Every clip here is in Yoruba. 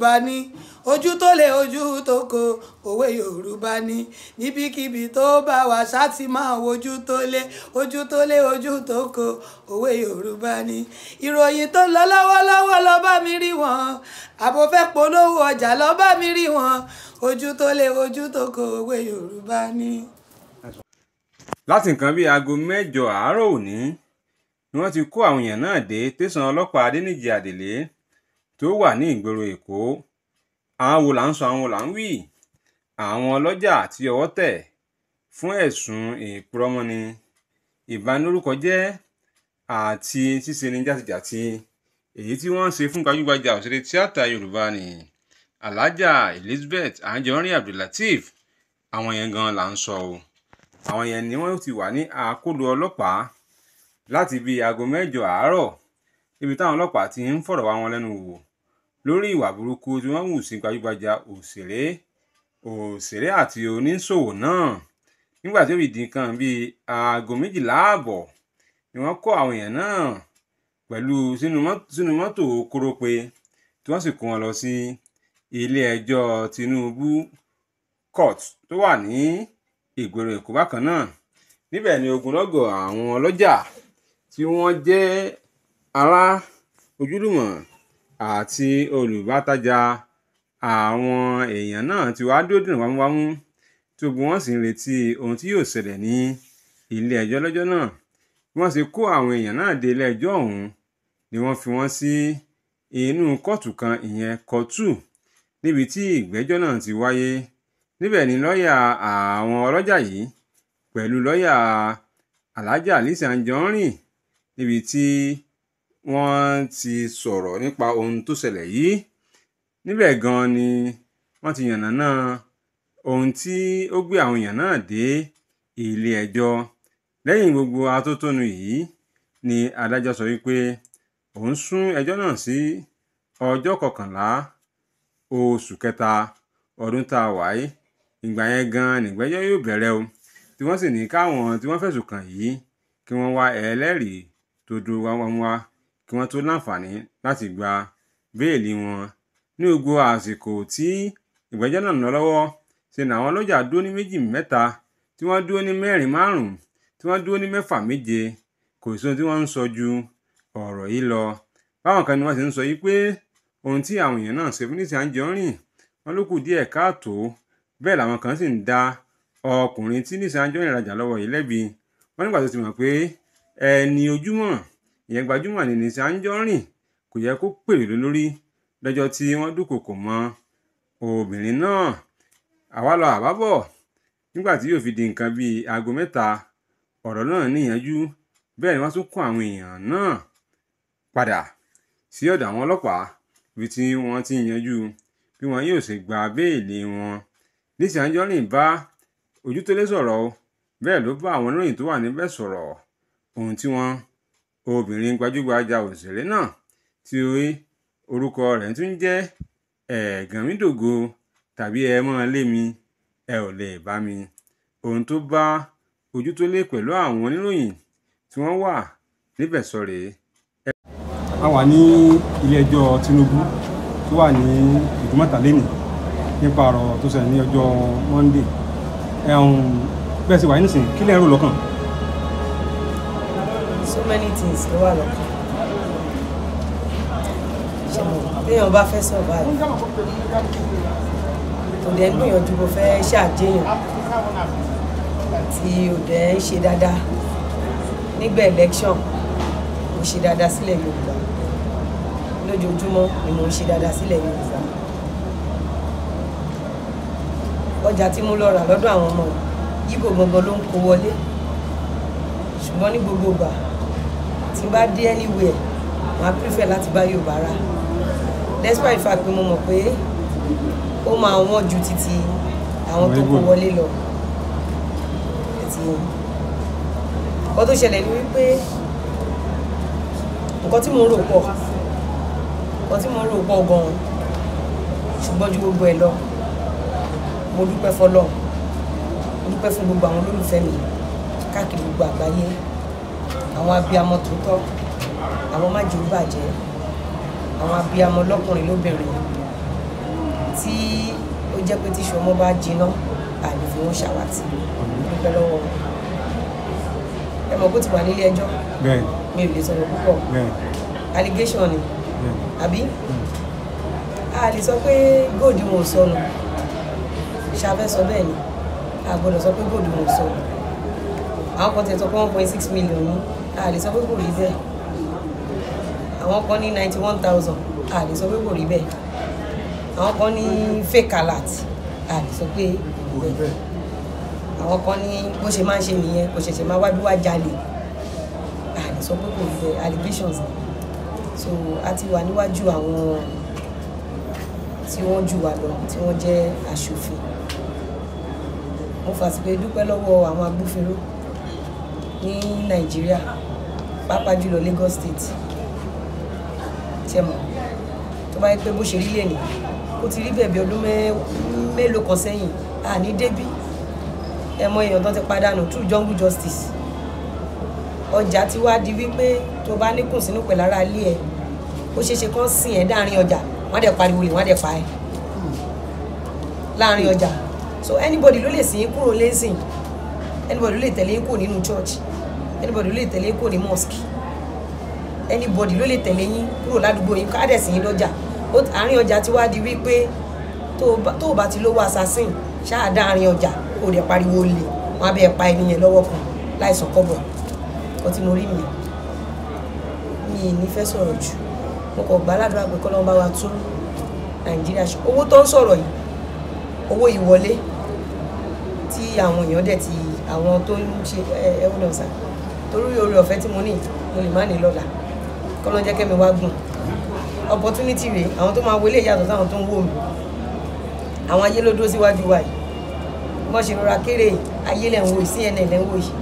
yorùbá ní ojú tó lé ojú tó ko òwe yorùbá ní níbikíbi tó bá wà ṣáàtì máa wojú tó lé ojú tó lé ojú tó ko òwe yorùbá ní ìròyìn tó lọ lọ́wọ́lọ́wọ́ lọ bá mi rí wọn àbò fẹ́ polówó ọjà lọ bá mi rí wọn ojú tó lé ojú tó ko òwe yorùbá ní. láti nǹkan bíi aago mẹ́jọ àárọ̀ òní ni wọ́n ti kó àwọn èèyàn náà dé tẹ̀sán ọlọ́pàá adẹ́nìjì àdèlé tó wà ní ìgboro èkó àwọn wo là ń sọ àwọn wo là ń wí àwọn ọlọ́jà tí ọwọ́ tẹ̀ fún ẹ̀sùn ìpurọ́mọ́ni ìbanilórúkọjẹ́ àti ṣíṣe ní jàtijàti èyí tí wọ́n ṣe fún gbajúgbajà òṣèré tíátà yorùbá ni alhaja elizabeth anjorin abdullateef àwọn yẹn gan là ń sọ o àwọn yẹn ni wọ́n ti wà ní àkóló ọlọ́pàá láti bíi aago mẹ́jọ àárọ̀ ibi táwọn ọlọ́pàá ti ń fọ̀rọ̀ wá wọn lẹ́nu wò lórí ìwà burúkú tí wọ́n hù sí gbajúgbajà òṣèré òṣèré àti oníṣòwò náà nígbà tí ó fi di nǹkan bíi aago méjìlá ààbọ̀ ni wọ́n kó àwọn èèyàn náà pẹ̀lú sínú mọ́tò kórópè tí wọ́n sì kó wọn lọ sí ilé ẹjọ́ Tinubu court tó wà ní ìgboro Èkó bákan náà níbẹ̀ ni ogunlọ́gọ̀ àwọn ọlọ́jà tí wọ́n jẹ́ ará ojúlùmọ̀ àti olùbátajà àwọn èèyàn náà ti wá dúró dùn wámúwámú tí gbogbo wọn sì ń retí ohun tí yóò ṣẹlẹ̀ ní ilé ẹjọ́ lọ́jọ́ náà bí wọ́n ṣe kó àwọn èèyàn náà dé ilé ẹjọ́ ọ̀hún ni wọ́n fi wọ́n sí inú kóòtù kan ìyẹn kóòtù níbi tí ìgbẹ́jọ́ náà ti wáyé níbẹ̀ ni lọ́ọ̀yà àwọn ọlọ́jà yìí pẹ̀lú lọ́ọ̀yà aláàjà Lizzy Anjorin níbi tí wọ́n ti sọ̀rọ̀ nípa ohun tó ṣẹlẹ̀ yìí níbẹ̀ gan ni wọ́n ti yànnàná ohun tí ó gbé àwọn èèyàn náà dé ilé ẹjọ́ lẹ́yìn gbogbo atótónu yìí ni adájọ́ sọ wípé òun sún ẹjọ́ náà sí ọjọ́ kọkànlá oṣù kẹta ọdún tá a wà ìgbà yẹn gan nìgbẹ́jọ́ yóò bẹ̀rẹ̀ o tí wọ́n sì ní káwọn tí wọ́n fẹ̀sùn kàn yìí kí wọ́n wá ẹlẹ́rìí tó dúró wá wá wá kí wọ́n tó láǹfààní láti gba béèlì wọn ní gbogbo àsìkò tí ìgbẹ́jọ́ náà ń lọ lọ́wọ́ ṣe ni àwọn ọlọ́jà dúró ní méjì mẹ́ta tí wọ́n dúró ní mẹ́rin márùn-ún tí wọ́n dúró ní mẹ́fà méje kò sí ohun tí wọ́n ń sọ ju ọ̀rọ̀ yìí lọ báwọn kan ni wọ́n ti ń sọ yìí pé ohun tí àwọn èèyàn náà ṣe fún níṣẹ́ Anjọ́rìn wọn ló kù díẹ̀ káàtó bẹ́ẹ̀ làwọn kan sì ń da ọkùnrin tí níṣẹ́ Anjọ́rìn rajà lọ́wọ́ yìí lẹ́bi wọ́n nígbà tó ti mọ̀ pé ẹni ojúmọ̀ ìyẹn gbajúmọ̀ ní Lizzy Anjorin kò yẹ kó pèrè lórí lọ́jọ́ tí wọ́n dúnkòkò mọ́ obìnrin náà àwa lọ àbábọ̀ nígbà tí yóò fi di nǹkan bíi aago mẹ́ta ọ̀rọ̀ náà níyanjú bẹ́ẹ̀ ni wọ́n tún kó àwọn èèyàn náà padà sí ọ̀dọ̀ àwọn ọlọ́pàá ibi tí wọ́n ti yanjú bí wọn yóò ṣe gba béèlì wọn Lizzy Anjorin bá Ojútólé sọ̀rọ̀ bẹ́ẹ̀ ló bá àwọn oníròyìn tó wà níbẹ̀ sọ̀rọ̀ ohun tí wọ́n obìnrin gbajúgbajà òṣèré náà tí orúkọ rẹ̀ tún jẹ́ ẹ̀gànmídògo tàbí ẹ mọ́ lé mi ẹ ò lè bá mi ohun tó bá ojú tó lé pẹ̀lú àwọn oníròyìn tí wọ́n wà níbẹ̀ sọ rèé. a wà ní ilé-ẹjọ́ Tinubu tó wà ní Ìdúmọ̀tà nípa ọ̀rọ̀ tó ṣẹlẹ̀ ní ọjọ́ Monday bẹ́ẹ̀ sì wà nísìnyí kí lẹ́ẹ̀rù lọ́kàn so many things ló wà lọ́kàn ṣùgbọ́n téèyàn bá fẹ́ sọ̀rọ̀ báyìí kò dẹ̀ gbìyànjú bó fẹ́ ṣàjẹyàn tí ò dẹ̀ ń ṣe dáadáa nígbà election mo ṣe dáadáa sílẹ̀ Yorùbá lójoojúmọ́ ni mo ṣe dáadáa sílẹ̀ Yorùbá ọjà tí mo lọ rà lọ́dọ̀ àwọn ọmọ yìí kò gbọ̀ngàn ló ń kó wọlé ṣùgbọ́n ní gbogbo ìgbà tí n bá dé anywhere màá prefer láti bá Yorùbá rà despite the fact pé mo mọ̀ pé ó máa wọ́n ju títí àwọn tó kó wọlé lọ nǹkan tó ṣẹlẹ̀ ni wípé nǹkan tí mo rò pọ̀ nǹkan tí mo rò pọ̀ gan-an ṣùgbọ́n ju gbogbo ẹ̀ lọ mo dúpẹ́ fọlọ́ mo dúpẹ́ fún gbogbo àwọn olólùfẹ́ mi káàkiri gbogbo àgbáyé àwọn abiyamọ tòótọ́ àwọn má jòó bàjẹ́ àwọn abiyamọ lọ́kùnrin lóbìnrin tí ó jẹ́ pé tíṣu ọmọ bá jiná àní fi wọ́n ṣàwátì dúpẹ́ lọ́wọ́ ẹ mọ̀ kó ti wà nílé ẹjọ́ mi ò lè sọ̀rọ̀ púpọ̀ allegation ni àbí hmm. a lè sọ pé góòdì wọn ò sọnù ṣàfẹ́ sọ bẹ́ẹ̀ ni a gbọ́dọ̀ sọ pé góòdì wọn ò sọnù àwọn kan tẹ̀ sọ pé one point six million ní a lè sọ pé kò rí bẹ́ẹ̀ àwọn kan ní ninety one thousand a lè sọ pé kò rí bẹ́ẹ̀ àwọn kan ní fake alert a lè sọ pé kò rí bẹ́ẹ̀ àwọn kan ní bó ṣe máa ń ṣe nìyẹn kò ṣẹ̀ṣẹ̀ máa wá bí wá jalè a lè sọ pé kò rí bẹ́ẹ̀ allegations ni so a ti wà níwájú àwọn tí wọ́n jù wá lọ tí wọ́n jẹ́ aṣòfin mo fàṣìpé dúpẹ́ lọ́wọ́ àwọn agbófinró ní nàìjíríà pàápàá jùlọ Lagos State tẹmọ tó bá yẹ pé bó ṣe rí lè ní kó ti rí bẹ̀bẹ̀ ọdún mélòó kan sẹ́yìn àní débí ẹ mọ èèyàn tó ti pàdánù true jungle justice ọjà ti wá di wípé tó bá ní kùn sínú pẹ̀lára ilé ẹ ó ṣeéṣe kán sìn ẹ́ dáàrin ọjà wọ́n á dẹ̀ pariwo lè wọ́n á dẹ̀ pa ẹ́ láàrin ọjà so anybody ló lè sìn kúrò lẹ́sìn anybody ló lè tẹ̀lé yín kò nínú church anybody ló lè tẹ̀lé yín kò ní mosque anybody ló lè tẹ̀lé yín kúrò ládùúgbò yín kádẹ̀sì yín lọ́jà àárín ọjà ti wá di wípé tó o bá ti lówó assassin ṣáà dá àárín ọjà kò dẹ̀ pariwo olè wọn á bẹ̀ pa ẹniyẹn lọ́wọ́ kan láìsàn kọ́bọ̀ ọtí mo rí mi mi ì ní fẹ́ sọ̀rọ̀ jù mo kàn gbá ládùúgbò àgbẹ̀ kọ́ lọ́wọ́ bá wa tún nàìjíríà ṣe owó tó ń sọ̀rọ̀ yìí owó ìwọlé tí àwọn èèyàn dẹ̀ ti àwọn tó ń ṣe ẹ hold torí oore ọ̀fẹ́ tí mo ní mo lè má ní lọ́la kọ́ ló wá gùn opportunity rèé àwọn tó máa wọlé yàtọ̀ sáwọn tó ń wò mí àwọn ayé ló dúró síwájú wa yìí wọ́n ṣe rọra kéré ayé lẹ̀ ń wò yìí cnn lẹ̀ ń wò yìí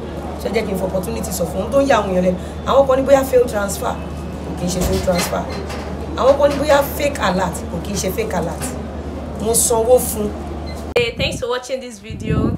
ṣe kí n fọ opportunity sọ fún un tó ń yà àwọn èèyàn lẹ́nu àwọn kan ní bóyá fail transfer kò kì í ṣe fail transfer àwọn kan ní bóyá fake alert kò kì í ṣe fake alert mo sanwó fún. Hey, thanks for watching this video.